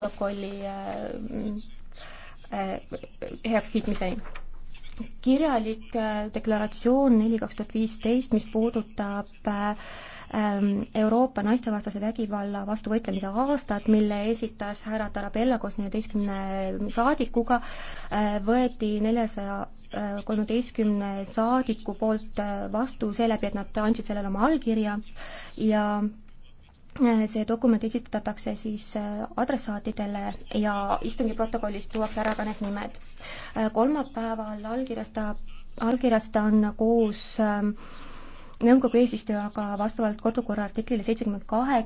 protokolli äh, äh, heakskiitmiseni. kirjalik äh, deklaratsioon neli kaks tuhat viisteist, mis puudutab ähm, Euroopa naistevastase vägivalla vastu võitlemise aastat, mille esitas härra Tarabella koos neljateistkümne saadikuga, võeti neljasaja kolmeteistkümne saadiku poolt vastu seeläbi, et nad andsid sellele oma allkirja ja Äh, see dokument esitatakse siis äh, adressaatidele ja istungi protokollist tuuakse ära ka need nimed. Äh, kolmapäeval allkirjastab, allkirjastan koos ähm, nõukogu eesistujaga vastavalt kodukorra artiklile seitsekümmend kaheksa